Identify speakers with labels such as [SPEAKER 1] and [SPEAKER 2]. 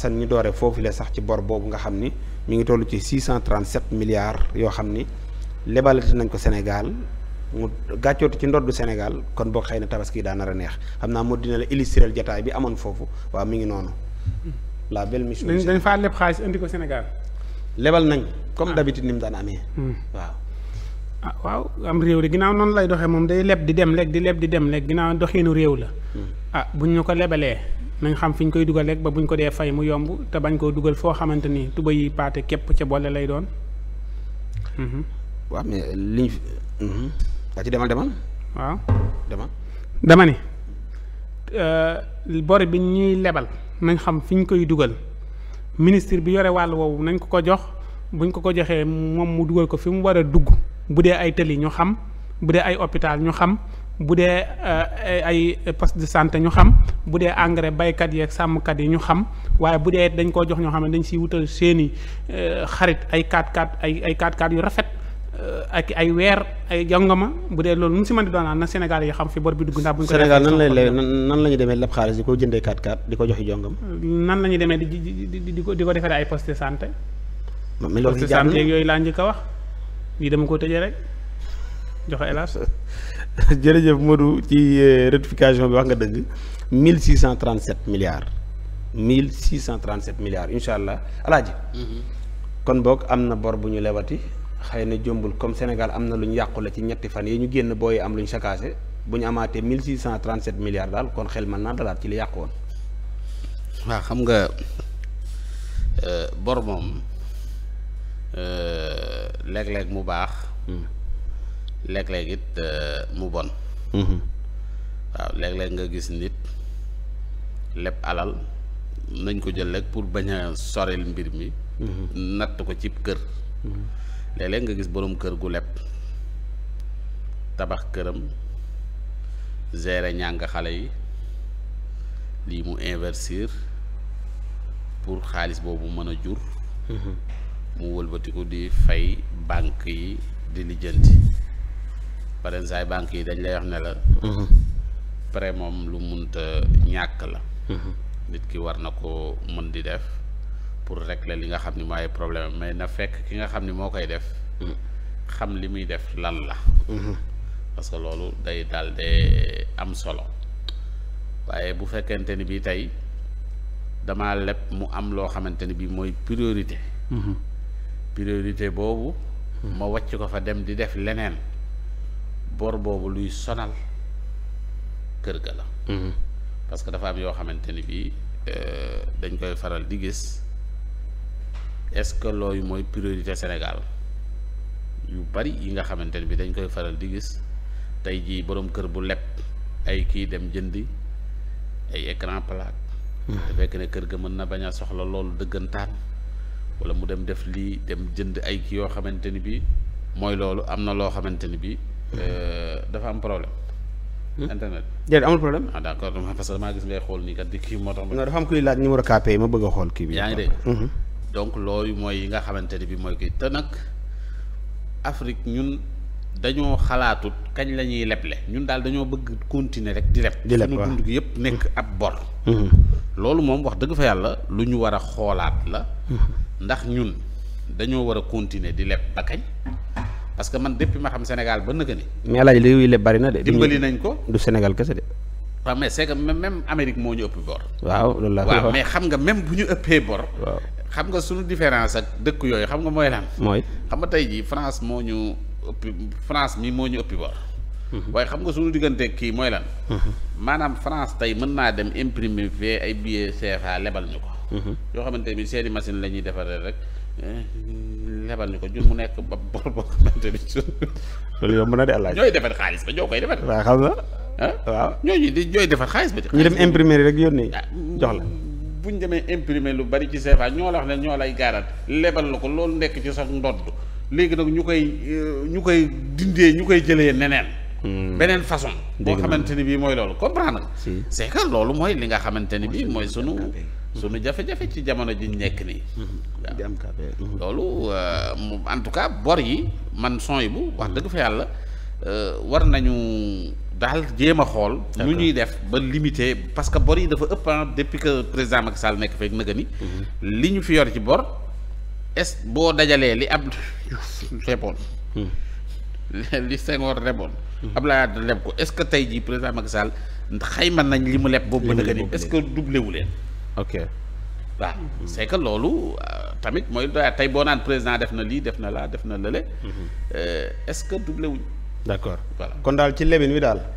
[SPEAKER 1] Assane ñu dooree foofu la sax ci bor boobu nga xam ni mu ngi toll ci 637 milliards yoo xam ni lebalati nañ ko Sénégal mu gàccootu ci ndoddu Sénégal kon boo xëy na tabaski daa nar neex xam naa moo dina la illustrel jataay bi amoon foofu waaw mi ngi noonu. la belle mission dañ
[SPEAKER 2] faa leb xaalis indi ko Sénégal.
[SPEAKER 1] lebal nañ comme ah. d'habitude ni mu daan amee.
[SPEAKER 2] Hmm. waaw. ah waaw am réew de ginnaaw noonu lay doxee moom day leb di dem lekk di leb di dem lekk ginnaaw doxiinu réew la hmm. ah buñ ñu ko lebalee nañ xam fi ñu koy dugal rek ba buñ ko dee fay mu yomb te bañ koo dugal foo xamante ni tuba yi paate képp ca boole doon
[SPEAKER 3] mhm.
[SPEAKER 1] waaw mais liñ mhm. waa ci demal demal waaw demal
[SPEAKER 2] dama ne euh, bor bi ñuy lebal nañ xam fi koy dugal ministre bi yore wàll woowu nañ ko ko jox buñ ko ko joxee moom mu dugal ko fi mu war a dugg bu dee ay tëli ñu xam bu dee ay hôpital ñu xam bu dee euh, ay poste de santé ñu xam bu dee engrais baykat yeeg sàmmkat yi ñu xam waaye bu dee dañ koo jox ñoo xam ne dañ siy wutal seeni euh, xarit ay 4x4 ay ay 4 x yu rafet euh, ak ay weer ay jongoma bu dee loolu nu mu si mën di doonaan na Sénégal yi xam fi bor bi dugg ndax. bu ñu ko Sénégal nan lay
[SPEAKER 1] nan la ñu demee leb xaalis di ko jëndee 4x4 di ko joxi jongama.
[SPEAKER 2] nan la ñuy demee di di di di ko di ko defee ay post de santé.
[SPEAKER 1] mais loolu si jàmm poste
[SPEAKER 2] yooyu laa njëkk a wax. lii dama ko tëjee rek joxe hélas
[SPEAKER 1] jërëjëf Modou ci euh, rectification bi wax nga dëgg mille six cent trente sept milliards mille six cent trente sept milliards incha allah alaaji mhm. kon boog am na bor bu ñu lewati xëy na jombul comme Sénégal am na lu ñu yàqule ci ñetti fan yi ñu génn booy am lu ñu sakaase bu ñu amaatee mille six cent trente sept milliards daal kon xel mën naa dalaat ci li yàqu woon.
[SPEAKER 3] waaw xam nga euh, bor moom. Euh, léeg-léeg mu baax hmm. léeg-léeg it euh, mu bon hmm. waaw léeg-léeg nga gis nit lépp alal nañ ko jël rek pour bañ a soril mbir mi hmm. natt ko cib kër léeg-léeg nga gis boroom kër gu lepp tabax këram gérer ñàng xale yi lii mu investir pour xaalis boobu mën a jur mu wëlbatiku di fay banque yi di lijjanti paren saay banque yi dañ lay wax ne la mhm. prêt moom lu munta ñàkk la mhm. nit ki war na ko mën di def pour regle li nga xam ni mooy problème mais na fekk ki nga xam ni moo koy def mhm. xam li muy def lan la parce que loolu day daal am solo waaye bu fekkente ni bi tey damaa leb mu am loo xamante ni bi mooy priorité priorité boobu ma wàcc ko fa dem di def leneen bor boobu luy sonal kër ga la mm-hmm. parce que dafa am yoo xamante ni bii euh, dañ koy faral di gis est-ce que looyu mooy priorité Sénégal yu bari yi nga xamante ni bi dañ koy faral di gis tey jii boroom kër bu leb ay kii dem jëndi ay écran plat. Mm-hmm. fekk ne kër ga mën na bañ a soxla loolu dëggantaan wala mu dem def lii dem jënd ay ki yoo xamante ni bi mooy loolu am na loo xamante ni bi euh, dafa am problème hmm? internet déedéet amul problème ah d'accord parce que damaa gis ngay xool nii kat di kii moo tax
[SPEAKER 1] non am kuy yi ma bëgg a xool kii bi yaa ngi dégg hmm. Hmm.
[SPEAKER 3] donc looyu mooy yi nga xamante ni bi mooy kii te nag Afrique ñun dañoo xalaatut kañ lañuy ñuy leble ñun daal dañoo bëgg continuer rek di leb di leb waaw yëpp nekk ab bor loolu moom wax dëgg fa yàlla lu ñu war a xoolaat la ndax ñun dañoo war a continuer di leb ba kañ parce que man depuis ma xam Sénégal ba nëgë ni
[SPEAKER 1] mais alaaj réew yi leb bari na de. dimbali nañ ko du Sénégal kese
[SPEAKER 3] de. waaw mais c'est que même Amérique moo ñu ëpp bor.
[SPEAKER 1] waaw loolu laa waaw mais xam
[SPEAKER 3] nga même bu ñu ëppee bor. waaw xam nga suñu différence ak dëkk yooyu xam nga mooy lan. mooy xam nga tey jii France moo ñu ëpp France mi moo ñu ëppi bor. Mhm. waaye xam nga suñu diggante kii mooy lan. Mhm. maanaam France tey mën naa dem imprimer fee ay billets CFA lebal ñu ko. Mm-hmm. yoo xamante ni seen i machine la ñuy defaree rek eh, lebal ñu ko jur mu nekk ba bor boo xamante ni
[SPEAKER 1] loolu mën de àllaaj
[SPEAKER 3] ñooy defar xaalis ba ñoo koy defar waaw xam na ah? waaw ñooñu di ñooy defar xaalis ba ñu dem imprimerie
[SPEAKER 1] rek yónnee ah, jox la
[SPEAKER 3] bu ñu demee imprimer lu bari ci CFA ñoo la wax ne ñoo lay gaaral lebal la ko loolu nekk ci sax ndodd léegi nag ñu koy euh, ñu koy dindee ñu koy jëlee neneen hmm. beneen façon boo xamante ni bii mooy loolu comprendre nga c'est loolu mooy li nga xamante ni bii mooy sunu sunu jafe-jafe ci jamono ji nekk nii. Mhm. waaw mhm. loolu euh, en tout cas bor yi man son yi bu wax mhm. dëgg fa yàlla euh, war nañu daal jéem a xool. nu ñuy def ba limité parce que bor yi dafa ëpp depuis que président Macky Sall nekk feeg nëgë ni. li ñu fi yor ci bor est boo dajalee li ab leboon. li Senghor leboon. Abdoulaye Wade leb ko est que tey jii président Macky Sall xayma nañ li mu leb. boobu ba nëgë est ce que doublé wu leen. ok waaw c'est loolu euh, tamit mooy doy tey boo naan président def na lii def na laa def na lële mhm. euh, est-ce que doublé wuñ d'accord voilà
[SPEAKER 1] kon daal ci lebin wi daal